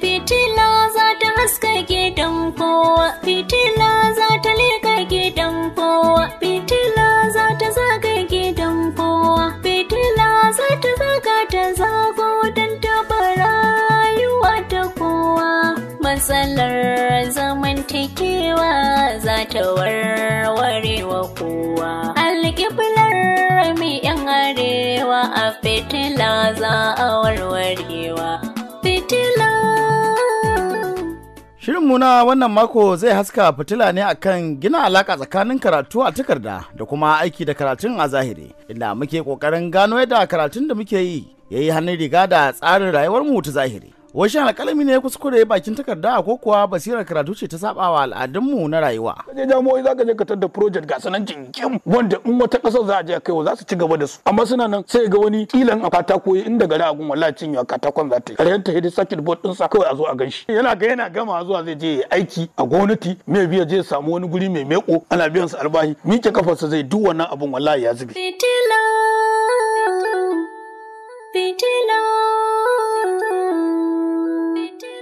fitila za ta haska gidan kowa fitila za ta leka gidan kowa fitila za ta zaga gidan kowa fitila za ta zaga ta zago don taba rayuwa ta kowa matsalar zamantakewa za ta warware wa kowa alƙiblar mai yan arewa a fitila za a warwarewa fitila Shirinmu na wannan mako zai haska fitila ne akan gina alaka tsakanin karatu a takarda da kuma aiki da karatun a zahiri, inda muke ƙoƙarin gano yadda karatun da muke yi ya yi hannun riga da tsarin rayuwarmu ta zahiri. washin alƙalami ne ya kuskure bakin takarda ko kuwa basirar karatu ce ta saba wa al'adunmu na rayuwa. Kaje jami'o'i za ka je katar da project ga sanan jinkin wanda in wata ƙasar za a je wa za su ci gaba da su amma suna nan sai ga wani kilan a katako inda gari a gun wallahi cinye a katakon za ta yi. Karyar ta hidi circuit board ɗinsa kawai a zo a gan shi. Yana ga yana gama zuwa zai je aiki a gwamnati mai biya je samu wani guri mai meko ana biyan sa albahi miƙe kafarsa zai duk wannan abun wallahi ya zube. Fitila, fitila.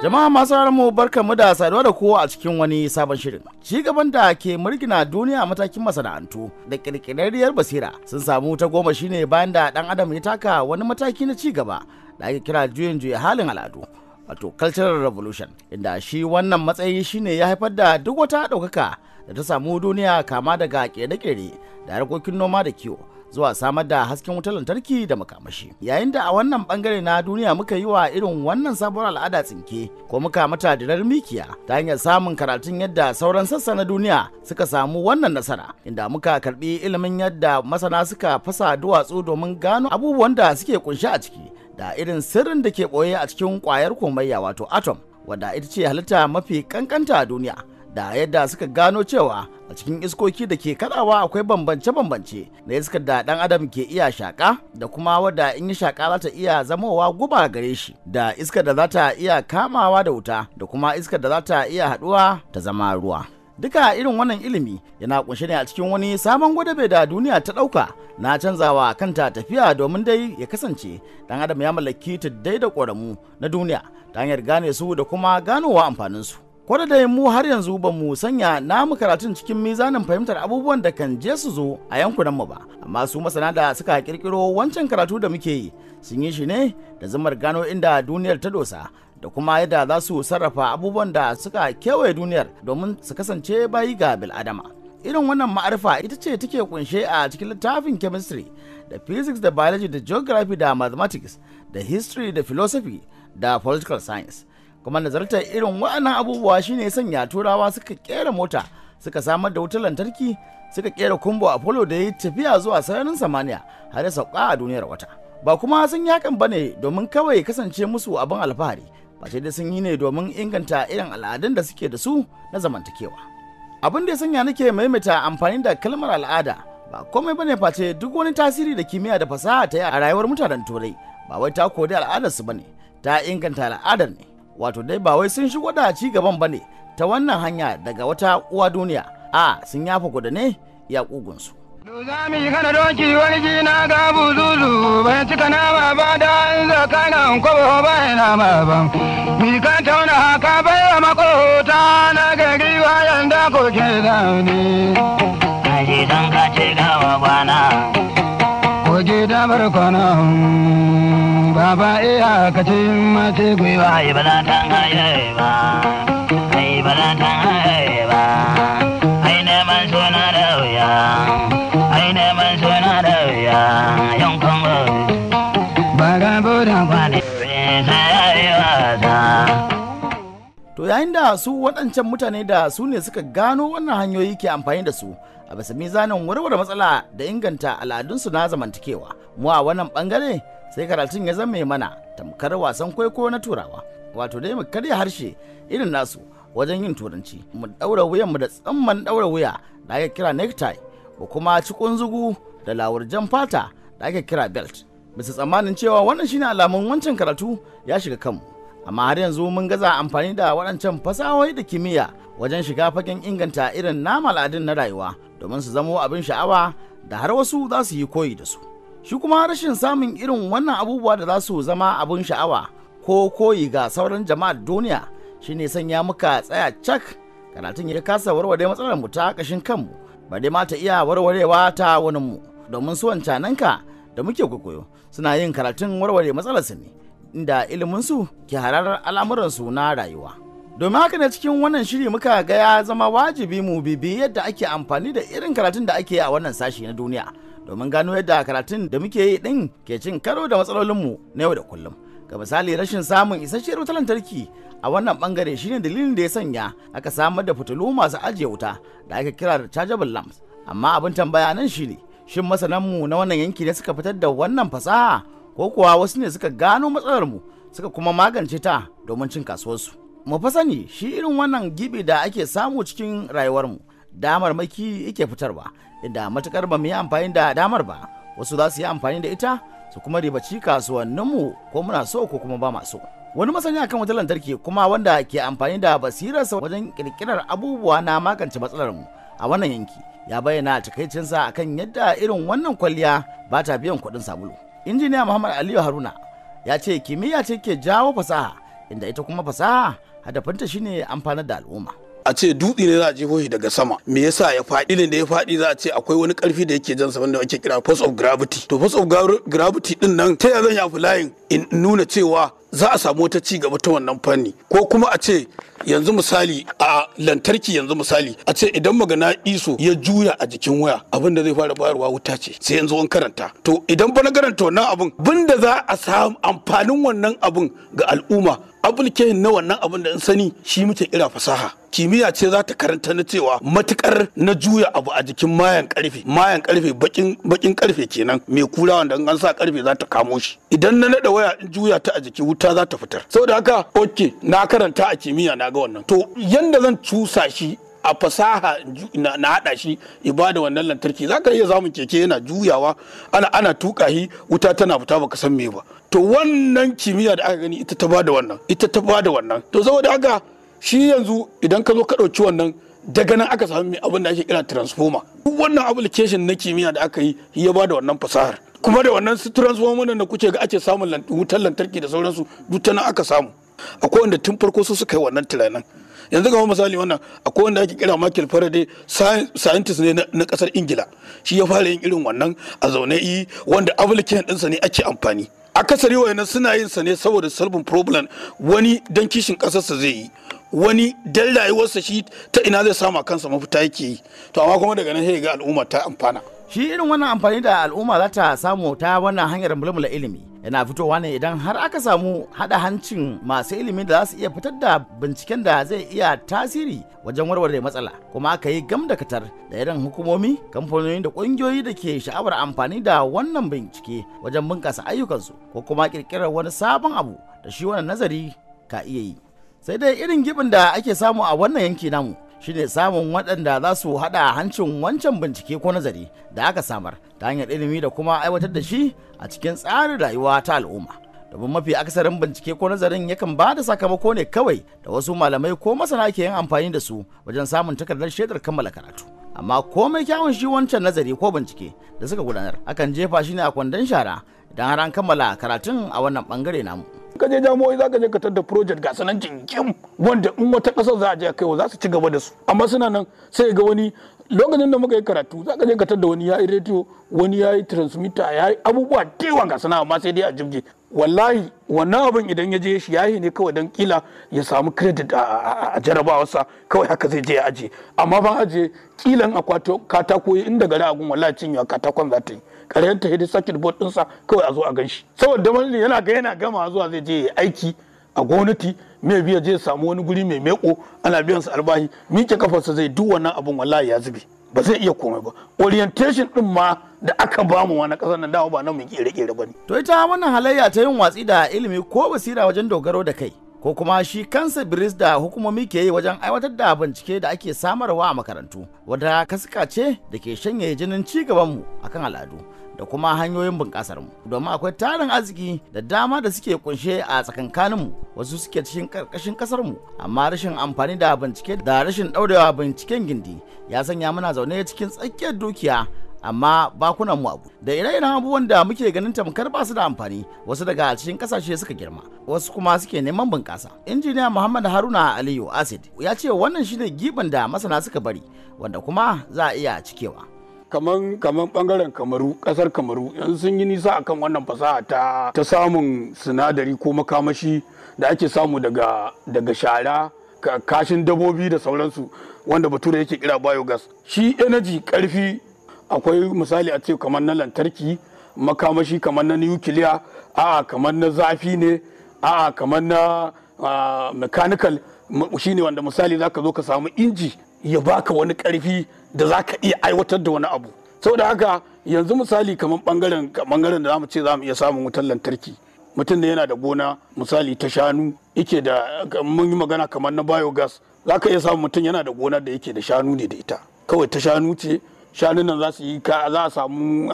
Jama'a masu mu barka mu da saduwa da kowa a cikin wani sabon shirin. Ci gaban da ke murgina duniya a matakin masana'antu da ƙirƙirarriyar basira sun samu ta goma shine bayan da ɗan adam ya taka wani mataki na ci gaba da ake kira juyin juya halin al'adu. wato cultural revolution inda shi wannan matsayi shine ya haifar da duk wata ɗaukaka da ta samu duniya kama daga ƙere-ƙere da harkokin noma da kiwo zuwa samar da hasken wutar lantarki da makamashi yayin da a wannan bangare na duniya muka yi wa irin wannan sabuwar al'ada tsinke ko muka mata dirar mikiya ta hanyar samun karatun yadda sauran sassa na duniya suka samu wannan nasara inda muka karbi ilimin yadda masana suka fasa duwatsu domin gano abubuwan da suke kunshi a ciki da irin sirrin da ke boye a cikin kwayar komayya wato atom wadda ita ce halitta mafi kankanta a duniya da yadda suka gano cewa a cikin iskoki da ke kadawa akwai bambance-bambance na iskar da dan adam ke iya shaka da kuma wadda in yi shaka za ta iya zamowa guba gare shi da iskar da za ta iya kamawa da wuta da kuma iskar da za ta iya haduwa ta zama ruwa duka irin wannan ilimi yana kunshe ne a cikin wani sabon gwadabe da duniya ta dauka na canzawa kanta tafiya domin dai ya kasance dan adam ya mallaki ta da ƙoramu na duniya ta hanyar gane su da kuma ganowa amfaninsu Kwada da mu har yanzu ba mu sanya namu karatun cikin mizanin fahimtar abubuwan da kan je su zo a yankunanmu ba, amma su masana da suka kirkiro wancan karatu da muke yi sun yi shi ne da zamar gano inda duniyar ta dosa da kuma yadda za su sarrafa abubuwan da suka kewaye duniyar domin su kasance bayi ga bil'adama. Irin wannan ma'arfa ita ce take kunshe a cikin littafin chemistry da physics da biology da geography da mathematics da history da philosophy da political science. kuma nazartar irin wa'annan abubuwa shine sanya turawa suka kera mota suka samar da wutar lantarki suka kera kumbo a apollo da ya tafiya zuwa sararin samaniya har ya sauka a duniyar wata ba kuma sun yakan ba ne domin kawai kasance musu abin alfahari ba sai dai sun yi ne domin inganta irin al'adun da suke da su na zamantakewa abin da ya sanya nake maimaita amfani da kalmar al'ada ba komai bane face duk wani tasiri da kimiyya da fasaha ta yi a rayuwar mutanen turai ba wai ta kori al'adarsu bane ta inganta al'adar ne wato dai ba wai sun shigo da ci gaban ba ne ta wannan hanya daga wata uwa duniya a sun yafa kuda ne ya kugunsu. Zami kana doki wani jina ga buzuzu zuzu bayan cika nama ba da an zaka nan kwabo bayan nama ban. Mi ka tauna haka bai wa makota na gari bayan da koke zaune. Kaji don ka ce gawa kwana. dauki damar kwana baba iya kacin mace gwiwa ibalatan haye ba ibalatan haye ba ai neman suna da wuya ai neman suna da wuya yan kongo baga budan kwane To yayin da su wadancan mutane da su ne suka gano wannan hanyoyi ke amfani da su a bisa mizanin warware matsala da inganta al'adunsu na zamantakewa mu a wannan bangare sai karatun ya zama mana tamkar wasan kwaikwayo na turawa wato dai mu karya harshe irin nasu wajen yin turanci mu daura wuyan mu da tsamman daura wuya da ake kira necktie ko kuma cikon zugu da lawurjan fata da ake kira belt bisa tsammanin cewa wannan shine alamun wancan karatu ya shiga kanmu amma har yanzu mun gaza amfani da waɗancan fasahohi da kimiyya wajen shiga fagen inganta irin nama al'adun na rayuwa domin su zamo abin sha'awa da har wasu za su yi koyi da su shi kuma rashin samun irin wannan abubuwa da za su zama abin sha'awa ko koyi ga sauran jama'ar duniya shine sanya muka tsaya cak karatun ya kasa warware matsalar mu ta kashin kanmu ba dai ma ta iya warwarewa ta wani mu domin su wancananka da muke kwaikwayo suna yin karatun warware matsalar su ne inda iliminsu ke hararar al'amuransu na rayuwa. Domin haka na cikin wannan shiri muka ga ya zama wajibi mu bibi yadda ake amfani da irin karatun da ake a wannan sashi na duniya domin gano yadda karatun da muke yi din ke cin karo da matsalolinmu na yau da kullum. Ga misali rashin samun isasshiyar wutar lantarki a wannan bangare shine dalilin da ya sanya aka samar da fitilu masu ajiye wuta da aka kira da chargeable lamps. Amma abin tambaya nan shine shin masananmu na wannan yanki ne suka fitar da wannan fasaha ko kuwa wasu ne suka gano matsalar mu suka kuma magance ta domin cin kasuwarsu mu fa sani shi irin wannan gibi da ake samu cikin rayuwarmu damarmaki yake fitarwa inda matukar ba mu yi amfani da damar ba wasu za su yi amfani da ita su kuma ribaci kasuwanninmu ko muna so ko kuma ba masu wani masani akan wutar lantarki kuma wanda ke amfani da basirarsa wajen kirkirar abubuwa na magance matsalar mu a wannan yanki ya bayyana takaicinsa akan yadda irin wannan kwalliya ba ta biyan kuɗin sabulu injiniya muhammad aliyu haruna ya ce kimiyya ce ke jawo fasaha inda ita kuma fasaha hadafinta shine amfanar da al'umma a ce dutse ne za a jefo shi daga sama me yasa ya faɗi ne da ya faɗi za a ce akwai wani ƙarfi da yake jan sa wanda ake kira force of gravity to force of gravity din nan ta yaya zan yafi layin in nuna cewa za a samu wata ci gaba ta wannan fanni ko kuma a ce yanzu misali a lantarki yanzu misali a ce idan magana iso ya juya a jikin waya abin da zai fara bayarwa wuta ce sai yanzu an karanta to idan ba na karanta wannan abin bin za a samu amfanin wannan abin ga al'umma application na wannan abin da in sani shi muke kira fasaha kimiyya ce za ta karanta na cewa matukar na juya abu a jikin mayan karfe mayan karfe bakin karfe kenan mai kura wanda an sa karfe za ta kamo shi idan na nada waya in juya ta a jiki wuta za ta fitar saboda haka ok na karanta a kimiyya na ga wannan to yanda zan cusa shi a fasaha na hada shi ibada wannan lantarki za ka iya zamun keke yana juyawa ana ana tuka shi wuta tana fita baka san me ba to wannan kimiyya da aka gani ita ta bada wannan ita ta bada wannan to saboda haka shi yanzu idan ka zo ka ɗauki wannan daga nan aka samu abin da ake kira transformer duk wannan application na kimiyya da aka yi ya ba da wannan fasahar kuma da wannan su transformer da kuke ga ake samun wutar lantarki da sauransu duk ta nan aka samu akwai wanda tun farko su suka yi wannan tunanin yanzu ga misali wannan akwai wanda ake kira Michael Faraday scientist ne na kasar Ingila shi ya fara yin irin wannan a zaune yi wanda application ɗinsa ne ake amfani akasari wayannan suna yin sa ne saboda solving problem wani dan kishin kasarsa zai yi wani dal rayuwarsa shi ta ina zai sama kansa mafita yake yi to amma kuma daga nan sai ga al'umma ta amfana shi irin wannan amfani da al'umma za ta samu ta wannan hanyar mulmula ilimi yana fitowa ne idan har aka samu hada hancin masu ilimi da za su iya fitar da binciken da zai iya tasiri wajen warware matsala kuma aka yi gam da katar da irin hukumomi kamfanoni da kungiyoyi da ke sha'awar amfani da wannan bincike wajen bunkasa ayyukansu ko kuma kirkirar wani sabon abu da shi wannan nazari ka iya yi sai dai irin gibin da ake samu a wannan yanki namu shine samun waɗanda za su haɗa hancin wancan bincike ko nazari da aka samar ta hanyar ilimi da kuma aiwatar da shi a cikin tsarin rayuwa ta al'umma domin mafi akasarin bincike ko nazarin yakan ba da sakamako ne kawai da wasu malamai ko masana ke yin amfani da su wajen samun takardar shaidar kammala karatu amma komai kyawun shi wancan nazari ko bincike da suka gudanar akan jefa shi ne a kwandon shara idan har an kammala karatun a wannan bangare namu. ka je jami'o'i za ka je ka tadda project ga sanan jinkim wanda in wata kasa za a je kaiwa za su ci gaba da su amma suna nan sai ga wani lokacin da muka yi karatu za ka je ka tadda wani ya yi wani ya yi transmitter ya abubuwa tewa ga sana amma sai dai a jibje wallahi wannan abin idan ya je shi yayi ne kawai dan kila ya samu credit a jarabawarsa kawai haka zai je ya aje amma ban aje kilan akwato katako inda gari agun wallahi cinyewa katakon za ta yi ƙaryar ta hidi circuit board ɗinsa kawai a zo a gan shi saboda wani yana ga yana gama zuwa zai je aiki a gwamnati mai biya je samu wani guri mai meko ana biyan su albahi miƙe kafarsa zai duk wannan abun wallahi ya zube ba zai iya komai ba orientation din ma da aka bamu mu na ƙasar nan dawo ba nan mu kere kere ba ne to ita wannan halayya ta yin watsi da ilimi ko basira wajen dogaro da kai ko kuma shi kansa biris da hukumomi ke yi wajen aiwatar da bincike da ake samarwa a makarantu wadda kasika ce da ke shanye jinin ci gabanmu akan al'adu da kuma hanyoyin bunƙasarmu. domin akwai tarin arziki da dama da suke kunshe a tsakankanin wasu suke cikin ƙarƙashin ƙasarmu. amma rashin amfani da bincike da rashin ɗaurewa binciken gindi ya sanya muna zaune cikin tsakiyar dukiya amma bakunan mu abu da ire-iren abubuwan da muke ganin tamkar ba su da amfani wasu daga cikin kasashe suka girma wasu kuma suke neman bunƙasa injiniya muhammad haruna aliyu acid ya ce wannan shine giban da masana suka bari wanda kuma za a iya cikewa kaman kaman bangaren kamaru kasar kamaru yan sun yi nisa akan wannan fasaha ta ta samun sinadari ko makamashi da ake samu daga daga shara kashin dabobi da sauransu wanda bature yake kira biogas shi energy karfi akwai misali a ce kamar na lantarki makamashi kamar na nukiliya a'a kamar na zafi ne a'a kamar na mechanical shine wanda misali zaka zo ka samu inji ya baka wani karfi da zaka iya aiwatar da wani abu saboda haka yanzu misali kamar bangaren bangaren da zamu ce zamu iya samun wutar lantarki mutum da yana da gona misali ta shanu yake da mun yi magana kamar na biogas zaka iya samun mutum yana da gona da yake da shanu ne da ita kawai ta shanu ce shanun nan za su yi za a samu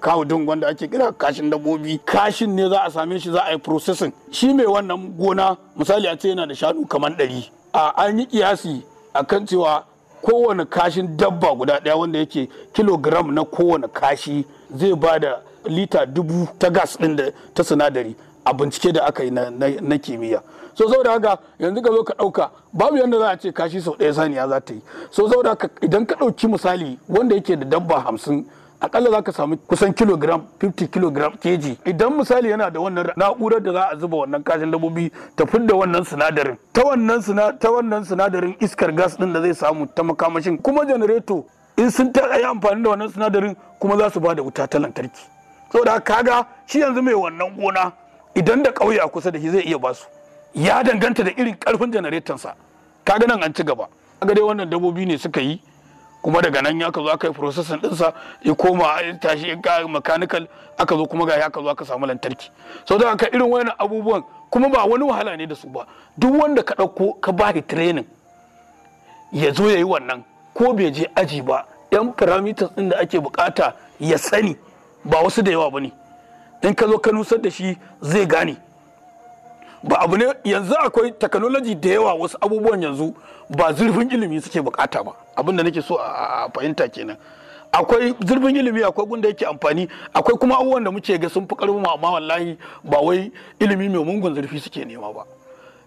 kawudin wanda ake kira kashin dabbobi kashin ne za a same shi za a yi processing shi mai wannan gona misali a ce yana da shanu kamar ɗari a an yi kiyasi akan cewa kowane kashin dabba guda ɗaya wanda yake kilogram na kowane kashi zai ba da lita dubu ta gas ɗin da ta sinadari a bincike da aka yi na kimiyya so saboda haka yanzu ka zo ka ɗauka babu yadda za a ce kashi sau ɗaya saniya za ta yi so saboda haka idan ka ɗauki misali wanda yake da dabba hamsin akalla za ka samu kusan kilogram 50 kilogram kg idan misali yana da wannan na'urar da za a zuba wannan kashin dabbobi ta fidda wannan sinadarin ta wannan ta wannan sinadarin iskar gas din da zai samu ta makamashin kuma janareto in sun ta yi amfani da wannan sinadarin kuma za su ba da wuta ta lantarki saboda kaga shi yanzu mai wannan gona idan da ƙauye a kusa da shi zai iya ba su, ya danganta da irin ƙarfin janaretansa kaga nan an ci gaba kaga dai wannan dabbobi ne suka yi kuma daga nan ya zo aka yi processing dinsa ya koma tashi ya mechanical aka zo kuma ga ya zo aka samu lantarki sau da aka irin wayannan abubuwan kuma ba wani wahala ne da su ba duk wanda ka ɗauko ka ba shi training ya zo ya yi wannan ko bai je aji ba yan parameters ɗin da ake bukata ya sani ba wasu da yawa ba ne in ka zo ka nusar da shi zai gane ba abu ne yanzu akwai technology da yawa wasu abubuwan yanzu ba zurfin ilimi suke bukata ba abinda nake so a fahimta kenan akwai zurfin ilimi akwai gunda yake amfani akwai kuma abubuwan da muke ga sun fi karbi mu amma wallahi ba wai ilimi mai mungun zurfi suke nema ba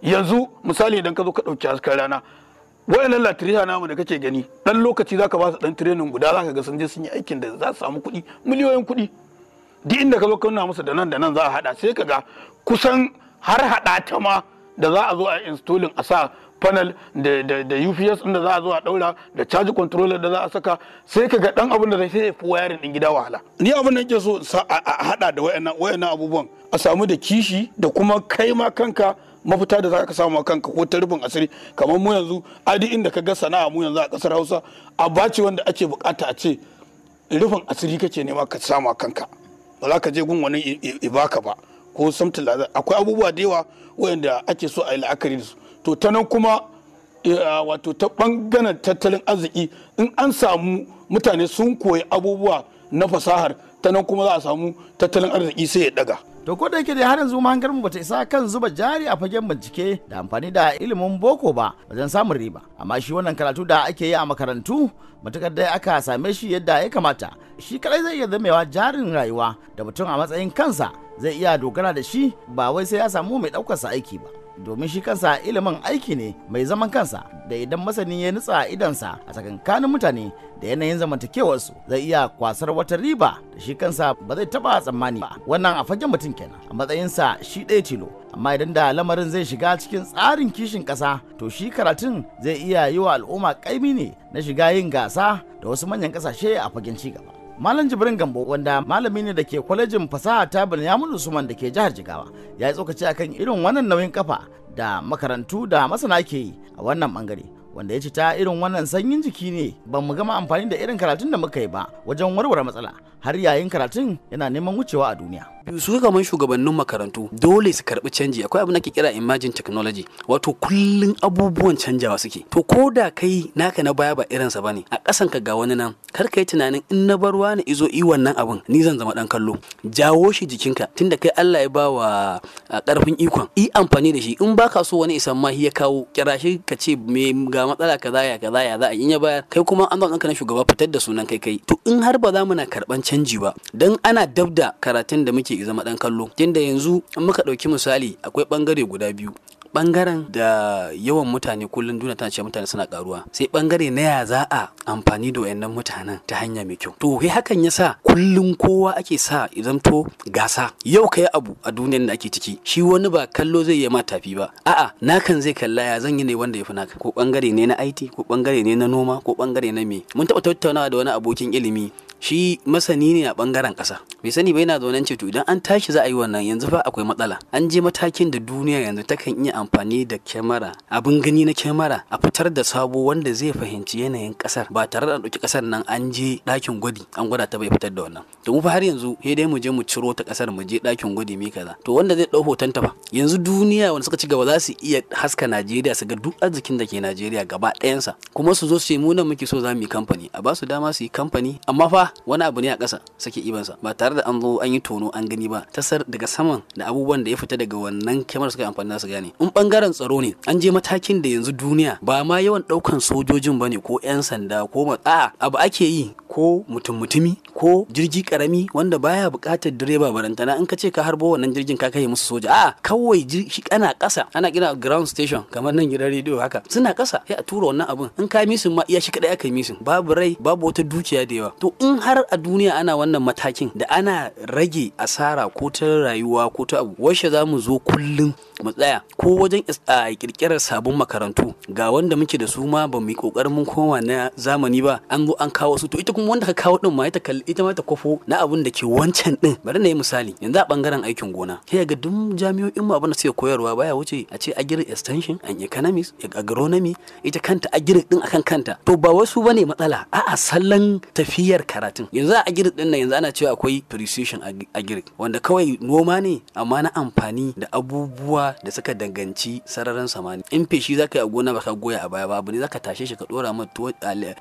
yanzu misali idan ka zo ka dauki hasken rana wayannan latirisa namu da kake gani Ɗan lokaci zaka ba su dan training guda zaka ga sun je sun yi aikin da za su samu kuɗi miliyoyin kuɗi duk inda ka zo ka nuna musu da nan da nan za a hada sai ga kusan har hada ta ma da za a zo a installing a sa panel da UPS da za a zo a daura da charge controller da za a saka sai ka ga dan abin da zai sai fi wayarin din gida wahala ni abin da nake so a hada da wayannan wayannan abubuwan a samu da kishi da kuma kai ma kanka mafita da za ka samu kanka ko ta rufin asiri kamar mu yanzu adi inda ka ga sana'a mu yanzu a kasar Hausa a bace wanda ake bukata a ce rufin asiri kake nema ka samu kanka ba za ka je gun wani ibaka ba ko something like akwai abubuwa da yawa wayanda ake so a yi la'akari da su to ta nan kuma eh, wato ta bangaren tattalin arziki in an samu mutane sun koyi abubuwa na fasahar ta nan kuma za a samu tattalin arziki sai ya daga to ko da yake da har yanzu mahangar mu bata isa kan zuba jari a fagen bincike da amfani da ilimin boko ba wajen samun riba amma shi wannan karatu da ake yi a makarantu matukar dai aka same shi yadda ya kamata shi kadai zai iya zamewa jarin rayuwa da mutum a matsayin kansa zai iya dogara da shi ba wai sai ya samu mai ɗaukarsa aiki ba domin shi kansa ilimin aiki ne mai zaman kansa da idan masani ya nutsa idansa a tsakankanin mutane da yanayin zamantakewarsu zai iya kwasar wata riba da shi kansa ba zai taba tsammani ba wannan a fagen mutum kenan a matsayinsa shi ɗaya tilo amma idan da lamarin zai shiga cikin tsarin kishin ƙasa to shi karatun zai iya yi wa al'umma ƙaimi ne na shiga yin gasa da wasu manyan ƙasashe a fagen cigaba. Malam Jibrin Gambo wanda malami ne da ke kwalejin fasaha ta Binyamin Usman da ke jihar Jigawa ya yi tsokaci akan irin wannan nauyin kafa da makarantu da masana ke yi a wannan bangare wanda ya ci ta irin wannan sanyin jiki ne ban mu gama amfani da irin karatun da muka yi ba wajen warware matsala har yayin karatun yana neman wucewa a duniya. su kamar shugabannin makarantu dole su karbi canji akwai abin da ke kira imagine technology wato kullun abubuwan canjawa suke to ko da kai naka na baya ba irin sa bane a kasan ka ga wani nan kar ka yi tunanin in na bar wani izo i wannan abin ni zan zama dan kallo jawo shi jikinka tunda kai Allah ya bawa karfin ikon i amfani da shi in baka so wani isan ma ya kawo kira shi ka ce me ga matsala kaza ya kaza ya za a yi ya bayar kai kuma an zo ka na shugaba fitar da sunan kai kai to in har ba za mu na karban canji ba don ana dabda karatun da muke zama dan kallo tunda yanzu in muka ɗauki misali akwai bangare guda biyu bangaren da yawan mutane kullum duniya tana ce mutane suna karuwa sai bangare na ya za a amfani da wayannan mutanen ta hanya mai kyau to sai hakan yasa kullum kowa ake sa idan to gasa yau kai abu a duniyar da ake ciki shi wani ba kallo zai yi ma tafi ba a'a nakan zai kalla ya zan yi ne wanda ya fi naka ko bangare ne na IT ko bangare ne na noma ko bangare na me mun taba tattaunawa da wani abokin ilimi shi masani ne a bangaren kasa bai sani ba yana zaune ce to idan an tashi za a yi wannan yanzu fa akwai matsala an je matakin da duniya yanzu kan iya amfani da kyamara abin gani na kyamara a fitar da sabo wanda zai fahimci yanayin kasar ba tare da ɗauki kasar nan an je ɗakin gwadi an gwada ta bai fitar da wannan to mu fa har yanzu sai dai mu je mu ciro ta kasar mu je ɗakin gwadi mi kaza to wanda zai ɗau hoton ta fa yanzu duniya wanda suka ci gaba za su iya haska Najeriya su ga duk arzikin da ke Najeriya gaba ɗayansa kuma su zo su ce mu nan muke so za mu yi kamfani a ba su dama su yi kamfani amma fa wani abu ne a kasa sake ibansa ba tare da an zo an yi tono an gani ba tasar daga saman da abubuwan da ya fita daga wannan kyamar suka amfani su gane in bangaren tsaro ne an je matakin da yanzu duniya ba ma yawan daukan sojojin ba ne ko 'yan sanda ko a abu ake yi ko mutum mutumi ko jirgi karami wanda baya bukatar direba barantana in ka ce ka harbo wannan jirgin ka kai musu soja a kawai shi kana kasa ana kira ground station kamar nan gidan rediyo haka suna kasa sai a tura wannan abun in ka misin ma iya shi kadai aka misin babu rai babu wata dukiya da yawa to in har a duniya ana wannan matakin da ana rage asara ko ta rayuwa ko ta abu washe za mu zo kullum mu tsaya ko wajen kirkirar sabon makarantu ga wanda muke da su ma ba mu yi kokarin mun koma na zamani ba an zo an kawo su to ita kuma wanda ka kawo din ma ita kalli ita ma ta kofo na abin da ke wancan din bari na yi misali yanzu a bangaren aikin gona sai ga duk jami'o'in mu abin da suke koyarwa baya wuce a ce agri extension an economics agronomy ita kanta agri din akan kanta to ba wasu bane matsala a sallan tafiyar karatun yanzu a agri din nan yanzu ana cewa akwai precision agri wanda kawai noma ne amma na amfani da abubuwa da suka dangane fuskanci sararin samani in feshi za ka yi a gona baka goya a baya ba abu ne za ka tashe shi ka dora ma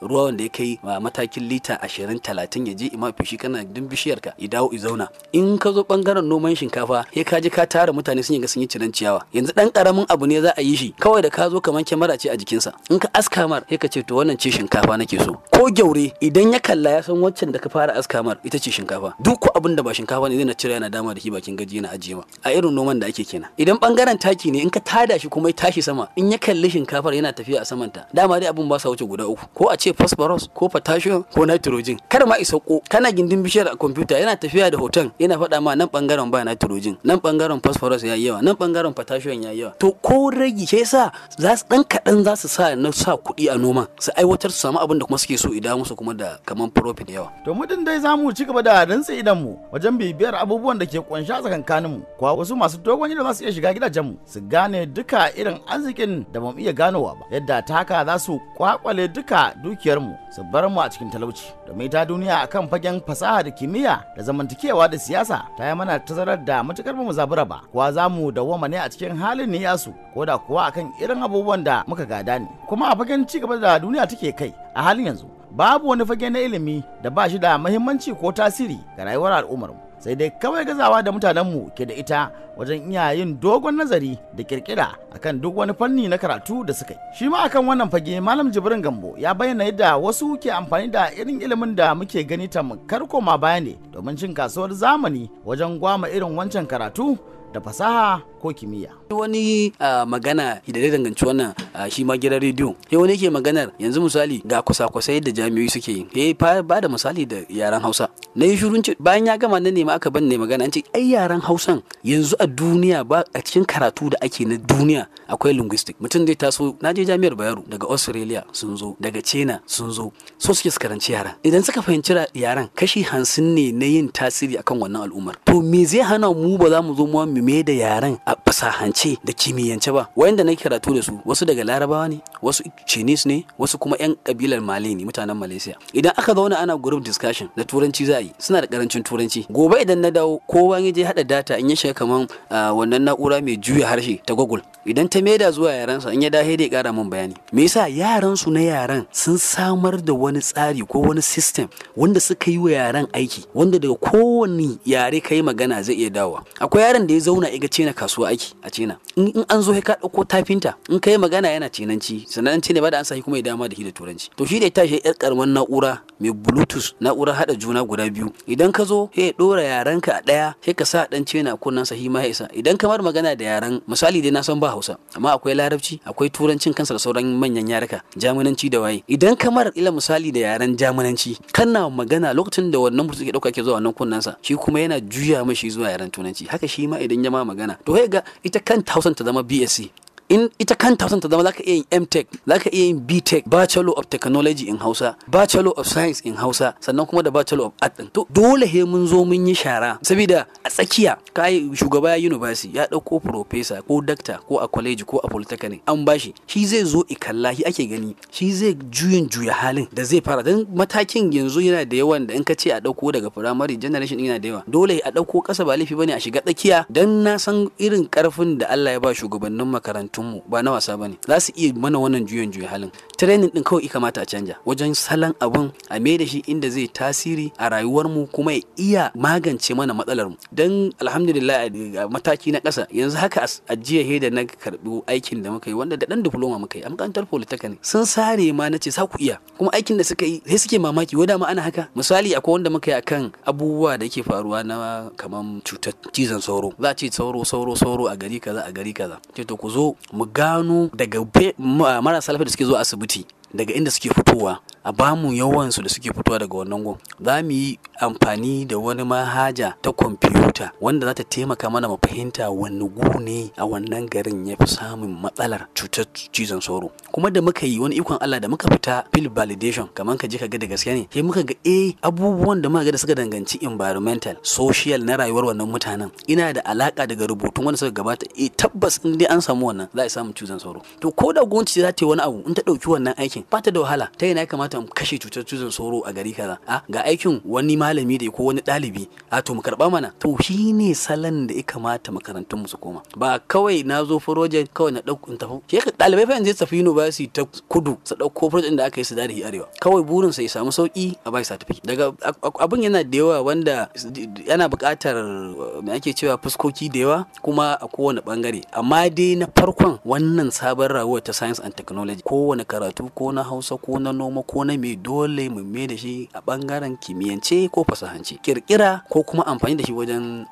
ruwa wanda ya kai matakin lita ashirin talatin ya je ima feshi kana din bishiyar ka i dawo i zauna in ka zo bangaren noman shinkafa ya ka ka tara mutane sun ga sun yi ciran ciyawa yanzu dan karamin abu ne za a yi shi kawai da ka zo kamar kyamara ce a jikinsa in ka askamar, mar sai ka ce to wannan ce shinkafa nake so ko gyaure idan ya kalla ya san waccan da ka fara askamar ita ce shinkafa duk ko abin da ba shinkafa ne zai na cire yana dama da ki bakin gaji yana ajiye ma a irin noman da ake kenan idan bangaren taki ne in ka tada shi kuma ya tashi sama in ya kalli shinkafar yana tafiya a samanta dama dai abun ba sa wuce guda uku ko a ce phosphorus ko potassium ko nitrogen kar ma isauko kana gindin bishiyar a kwamfuta yana tafiya da hoton yana faɗa ma nan bangaren ba nitrogen nan bangaren phosphorus ya yawa nan bangaren potassium ya yawa to ko ragi shi yasa za su dan kaɗan za su sa na sa kuɗi a noma su aiwatar su samu abin da kuma suke so idan musu kuma da kaman profit yawa to mutum dai zamu ci gaba da rantsa idan mu wajen bibiyar abubuwan da ke kunshi a tsakankanin mu kwa wasu masu dogon ido za su iya shiga gidajen mu su gane gane duka irin arzikin da bamu iya ganowa ba yadda ta haka za su kwakwale duka dukiyarmu su bar mu a cikin talauci domin ta duniya akan fagen fasaha da kimiyya da zamantakewa da siyasa ta yi mana tazarar da matukar mu zabura ba kuwa za mu dawwama ne a cikin halin ne yasu ko da kuwa akan irin abubuwan da muka gada ne kuma a fagen ci gaba da duniya take kai a halin yanzu babu wani fage na ilimi da ba shi da mahimmanci ko tasiri ga rayuwar al'ummarmu sai dai kawai gazawa da mutanenmu ke da ita wajen iya yin dogon nazari da kirkira akan duk wani fanni na karatu da suka yi shi ma akan wannan fage malam jibrin gambo ya bayyana yadda wasu ke amfani da irin ilimin da muke gani tamkar koma baya ne domin cin kasuwar zamani wajen gwama irin wancan karatu da fasaha ko kimiyya. wani magana idan ya danganci wannan shi ma gidan rediyo sai wani yake maganar yanzu misali ga kusa-kusai da jami'oi suke yi ya eh, fa ba da misali da yaren hausa na yi shurun bayan ya gama na ma aka banne magana an ce ai yaren hausan yanzu a duniya ba a cikin karatu da ake na duniya akwai linguistic mutum zai taso na je jami'ar bayero daga australia sun zo daga china sun zo so suke su karanci yaren idan suka fahimci yaren kashi hansin ne na yin tasiri akan wannan al'ummar to me zai hana mu ba za mu zo mu mai da yaren a fasahance da kimiyyance ba wayanda na karatu da su wasu daga larabawa ne wasu chinese ne wasu kuma yan kabilar mali ne mutanen malaysia idan aka zauna ana group discussion da turanci za a yi suna da karancin turanci gobe idan na dawo kowa ya je hada data in ya shiga kaman wannan na'ura mai juya harshe ta google idan ta maida zuwa yaransa in ya dahe dai kara min bayani me yasa yaran su na yaran sun samar da wani tsari ko wani system wanda suka yi wa yaran aiki wanda daga kowane yare kai magana zai iya dawo. akwai yaron da ya zauna iga ce na kasuwa kasuwa ake a cina in an zo ka dauko tafinta in kai magana yana cinanci sannan ce ne ba da an sahi kuma ya dama da shi da turanci to shi da ta shi yar karamar na'ura mai bluetooth na'ura hada juna guda biyu idan ka zo ya dora ka a daya sai ka sa dan cina kunnan sahi ma ya isa idan kamar magana da yaran misali dai na san ba Hausa amma akwai larabci akwai turancin kansa da sauran manyan yaruka jamunanci da waye idan kamar ila misali da yaren jamunanci kana magana lokacin da wannan mutum ke dauka ke zuwa wannan sa shi kuma yana juya mashi zuwa yaren turanci haka shi ma idan ya ma magana to sai ga ita kanta hausan ta zama bsc in ita kanta ta zama zaka iya yin mtech zaka iya yin btech bachelor of technology in hausa bachelor of science in hausa sannan kuma da bachelor of art to dole he mun zo mun yi shara saboda a tsakiya kai shugaba ya university ya dauko professor ko doctor ko a kwaleji ko a polytechnic an bashi shi zai zo ikalla shi ake gani shi zai juyin juya halin da zai fara dan matakin yanzu yana da yawan da in ka ce a dauko daga primary generation yana da yawa dole a dauko kasa ba laifi bane a shiga tsakiya dan na san irin karfin da Allah ya ba shugabannin makarantu mu ba na wasa bane za su iya mana wannan juyin juyin halin training din kawai kamata a canja wajen salon abun a mai da shi inda zai tasiri a rayuwar mu kuma ya iya magance mana matsalar mu dan alhamdulillah a mataki na kasa yanzu haka a jiya da na karbi aikin da muka yi wanda da dan diploma muka yi a makarantar polytechnic sun sare ma na ce sa ku iya kuma aikin da suka yi sai suke mamaki wada dama ana haka misali akwai wanda muka yi akan abubuwa da yake faruwa na kamar cutar cizon sauro za a ce sauro sauro sauro a gari kaza a gari kaza ce to ku zo mu gano daga marasa lafiya da suke zuwa asibiti daga inda suke fitowa a bamu su da suke fitowa daga wannan gun za mu yi amfani da wani manhaja ta kwamfuta wanda za ta taimaka mana mu fahimta wani gune a wannan garin ya fi samun matsalar cutar cizon sauro kuma da muka yi wani ikon Allah da muka fita field validation kamar ka je ka ga da gaske ne sai muka ga e abubuwan da muka ga da suka danganci environmental social na rayuwar wannan mutanen ina da alaka daga rubutun wanda suka gabata E tabbas in dai an samu wannan za a samu cizon sauro to ko da gwamnati za ta yi wani abu in ta ɗauki wannan aikin ba ta da wahala ta yana kamata mu kashe cutar cizon sauro a gari kaza a ah, ga aikin wani malami da ko wani ɗalibi a ah, to mu karɓa mana to shi ne salon da ya kamata makarantun mu su koma ba kawai na zo project kawai na ɗauko in tafi shi ɗalibai fa yanzu tafi university ta kudu su ɗauko project da aka yi su da arewa kawai burin sa ya samu sauki a bai certificate daga abun yana da yawa wanda yana buƙatar uh, me ake cewa fuskoki da yawa kuma a kowane bangare amma dai na farkon wannan sabon rawar ta science and technology kowane karatu ko ko na hausa ko na noma ko na mai dole mu mai da shi a bangaren kimiyyance ko fasahance kirkira ko kuma amfani da shi wajen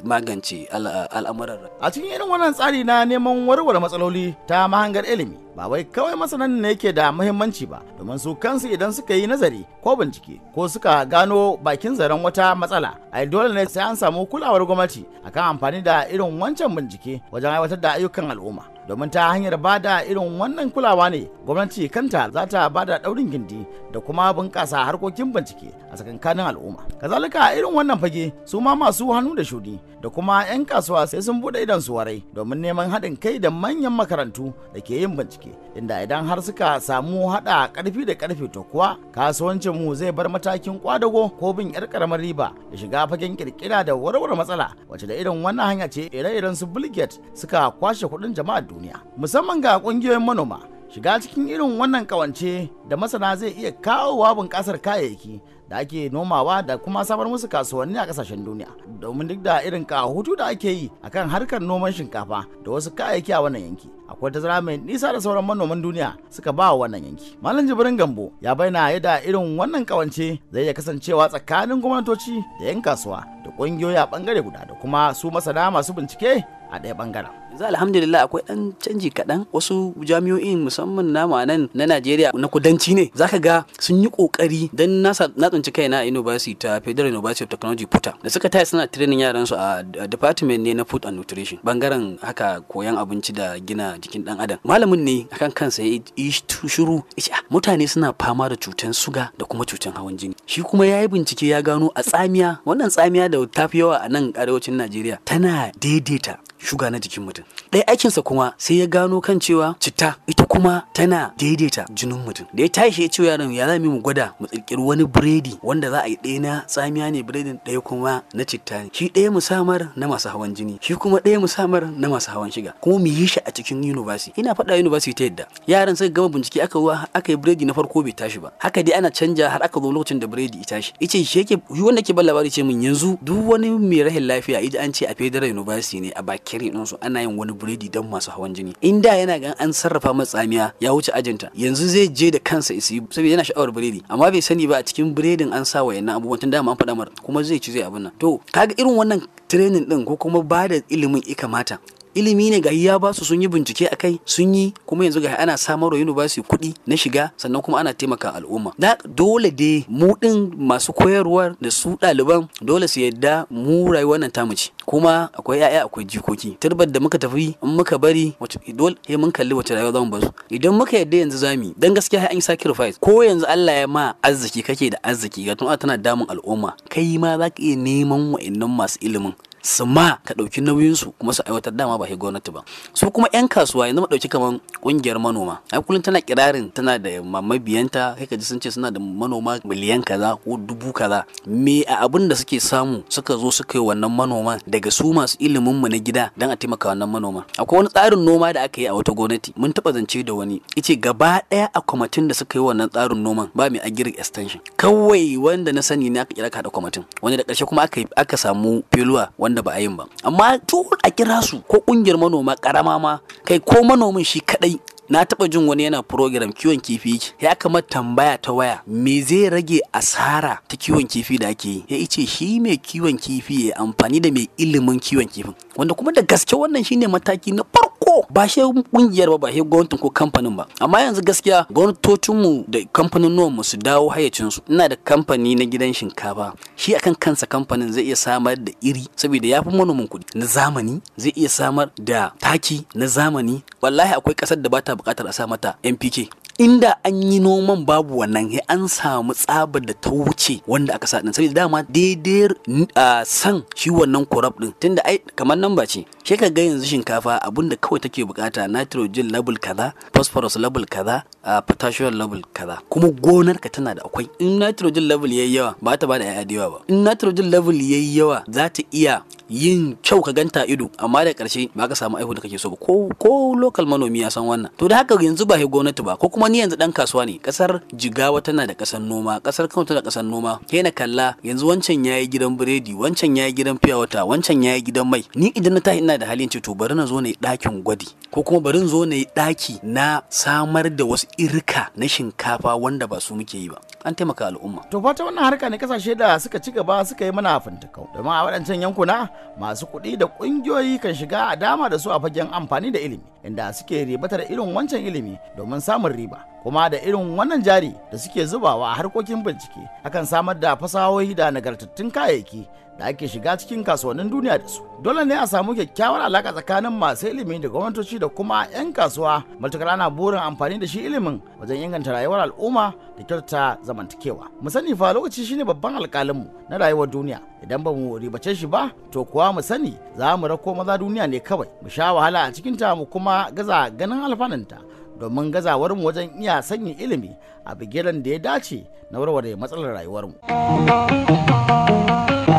magance al'amuran a cikin irin wannan tsari na neman warware matsaloli ta mahangar ilimi ba wai kawai masanan ne yake da muhimmanci ba domin su kansu idan suka yi nazari ko bincike ko suka gano bakin zaren wata matsala ai dole ne sai an samu kulawar gwamnati akan amfani da irin wancan bincike wajen aiwatar da ayyukan al'umma domin ta hanyar bada irin wannan kulawa ne gwamnati kanta za ta bada daurin gindi da kuma bunƙasa harkokin bincike a tsakankanin al'umma kazalika irin wannan fage su ma masu hannu da shudi da kuma 'yan kasuwa sai sun buɗe idan su warai domin neman haɗin kai da manyan makarantu da ke yin bincike inda idan har suka samu haɗa ƙarfi da ƙarfi to kuwa kasuwancin mu zai bar matakin kwadago ko bin 'yar ƙaramar riba da shiga fagen kirkira da warware matsala Wace da irin wannan hanya ce ire-iren su bilget suka kwashe kuɗin jama'ar duniya musamman ga ƙungiyoyin manoma shiga cikin irin wannan kawance da masana zai iya kawowa bunƙasar kayayyaki da ake nomawa da kuma samar musu kasuwanni a kasashen duniya domin duk da irin kahutu da ake yi akan harkar noman shinkafa da wasu kayayyaki a wannan yanki akwai tazara mai nisa da sauran manoman duniya suka ba wa wannan yanki malam jibrin gambo ya bayyana yadda irin wannan kawance zai iya kasancewa tsakanin gwamnatoci da yan kasuwa da kungiyoyi a bangare guda da kuma su masana masu bincike a ɗaya bangaren yanzu alhamdulillah akwai ɗan canji kaɗan wasu jami'o'in musamman na nan na najeriya na kudanci ne zaka ga sun yi kokari dan na tsinci kaina a university ta federal university of technology puta da suka taya suna tirenin yaran su a department ne na food and nutrition bangaren haka koyan abinci da gina jikin dan adam malamin ne akan kansa ya yi shuru ah, mutane suna fama da cutan suga da kuma cutan hawan jini shi kuma ya yi bincike ya gano a tsamiya wannan tsamiya da tafi yawa a nan arewacin najeriya tana daidaita shuga na jikin mutum ɗaya aikinsa kuma sai ya gano kan cewa citta kuma tana daidaita jinin mutum da ya tashi ya ce yaron ya za mu gwada mu tsirkiri wani biredi wanda za a yi ɗaya na tsamiya ne biredin ɗaya kuma na citta ne shi ɗaya musamar na masu hawan jini shi kuma ɗaya musamar na masu hawan shiga kuma mu yi shi a cikin university ina faɗa university ta yadda yaran suka gama bincike aka wa aka yi biredi na farko bai tashi ba haka dai ana canja har aka zo lokacin da biredi ya tashi ice shi yake wanda ke ban labari ce min yanzu duk wani mai rahin lafiya idan an ce a federal university ne a bakirin ɗinsu ana yin wani biredi don masu hawan jini in da yana gan an sarrafa matsa samiya ya wuce ajinta yanzu zai je da kansa isi saboda yana sha'awar biredi amma bai sani ba a cikin biredin an sa wayannan abubuwan tun dama an faɗa mar kuma zai ci zai abin nan to kaga irin wannan training din ko kuma ba da ilimin ikamata ilimi ne ga ya ba su sun yi bincike a kai sun yi kuma yanzu ga ana samar wa university kuɗi na shiga sannan kuma ana taimaka al'umma da dole dai mu din masu koyarwar da su ɗaliban dole su yadda mu rayuwar nan tamu ce kuma akwai ya'ya akwai jikoki turbar da muka tafi in muka bari dole he mun kalli wace rayuwa zamu basu idan muka yadda yanzu zamu dan gaskiya an yi sacrifice ko yanzu Allah ya ma arziki kake da arziki ga tun tana damun al'umma kai ma zaka iya neman wa'annan masu ilimin su ma ka ɗauki nauyinsu kuma su aiwatar dama ba sai gwamnati ba su kuma 'yan kasuwa yanzu ma ɗauki kamar ƙungiyar manoma ai kullum tana kirarin tana da mabiyanta kai ka ji sun ce suna da manoma miliyan kaza ko dubu kaza me a abin da suke samu suka zo suka yi wannan manoma daga su masu ilimin mu na gida dan a taimaka wannan manoma akwai wani tsarin noma da aka yi a wata gwamnati mun taba zance da wani ice gaba ɗaya a kwamitin da suka yi wannan tsarin noman ba mai agiric extension kawai wanda na sani ne aka kira ka da kwamitin wani da ƙarshe kuma aka samu filuwa wanda da ba a yin ba amma to a kira su ko kungiyar manoma karama ma kai ko manomin shi kadai na taba jin wani yana program kiwon kifi ya kama tambaya ta waya me zai rage asara ta kiwon kifi da ake yi ya ce shi mai kiwon kifi ya amfani da mai ilimin kiwon kifin wanda kuma da gaske wannan shine mataki na ko ba ƙungiyar kungiyar ba ba shi gwamnatin ko kamfanin ba amma yanzu gaskiya gwamnatocinmu da kamfanin mu su dawo hayyacin su ina da kamfani na gidan shinkafa shi akan kansa kamfanin zai iya samar da iri saboda ya fi manomin kuɗi na zamani zai iya samar da taki na zamani wallahi akwai ƙasar da bata buƙatar a sa mata npk inda an yi noman babu wannan sai an samu tsabar da ta wuce wanda aka sa din saboda dama daidai ah, san shi wannan kurab din tunda ai kamar nan ba ce ke ka ga yanzu shinkafa abun da kawai take bukata nitrogen level kaza phosphorus level kaza a potassium level kaza kuma gonar ka tana da akwai in nitrogen level yayi yawa ba ta bada yaya da yawa ba in nitrogen level yayi yawa za ta iya yin kyau ka ganta ido amma da karshe ba ka samu aihu da kake so ba ko ko local manomi ya san wannan to da haka yanzu ba gonar gwamnati ba ko kuma ni yanzu dan kasuwa ne kasar jigawa tana da kasar noma kasar kano tana da kasar noma kai na kalla yanzu wancan yayi gidan biredi wancan yayi gidan fiyawata wata wancan yayi gidan mai ni idan na tashi ina da halin ce to bari na zo na ɗakin gwadi ko kuma bari zo na yi ɗaki na samar da wasu irka na shinkafa wanda ba su muke yi ba an taimaka al'umma. To fata wannan harka ne kasashe da suka ci gaba suka yi mana fintakau domin a waɗancan yankuna masu kuɗi da ƙungiyoyi kan shiga a dama da su a fagen amfani da ilimi inda suke ribatar irin wancan ilimi domin samun riba kuma da irin wannan jari da suke zubawa a harkokin bincike akan samar da fasahohi da nagartattun kayayyaki da ake shiga cikin kasuwannin duniya da su dole ne a samu kyakkyawar alaka tsakanin masu ilimi da gwamnatoci da kuma 'yan kasuwa matukar ana burin amfani da shi ilimin wajen inganta rayuwar al'umma da kyautata zamantakewa mu sani fa lokaci shine babban alkalin mu na rayuwar duniya idan ba mu ribace shi ba to kuwa mu sani za mu rako maza duniya ne kawai mu sha wahala a cikin ta mu kuma gaza ganin alfananta domin mu wajen iya sanyin ilimi a bigiran da ya dace na warware matsalar rayuwar rayuwarmu.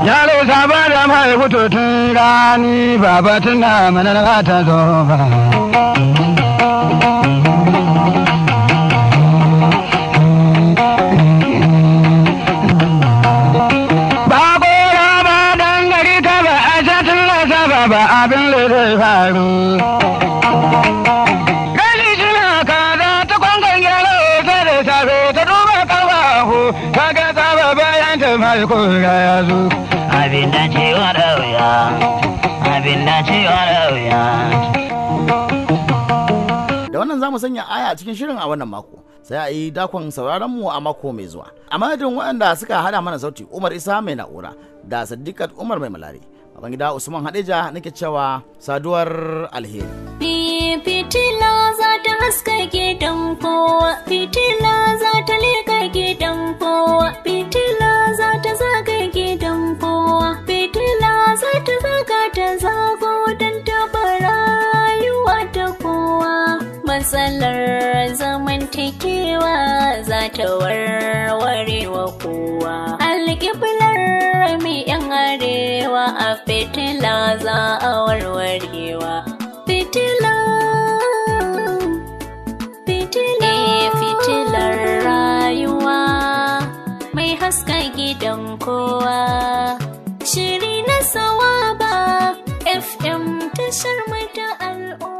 Yaro saba da mai fito tun rani baba tana mana na ta zo ba. ba abin da zai faru. Gani suna kaza ta kwangon gyara ta da safe ta duba kawahu ta ga saba baya ta mai kura ya abin da da wannan zamu sanya aya cikin shirin a wannan mako sai a yi dakon sauraron mu a mako mai zuwa a madadin waɗanda suka hada mana sauti umar isa mai na'ura da Sadikat umar mai malari gida usman hadeja nake cewa saduwar alheri fitila za ta haska gidan kowa fitila za ta leka gidan kowa fitila ta warware wa kowa alƙiblar mai yan arewa a fitila za a warwarewa fitila fitila eh, fitilar rayuwa mai haska gidan kowa shiri na sawaba fm tashar mai ta al'umma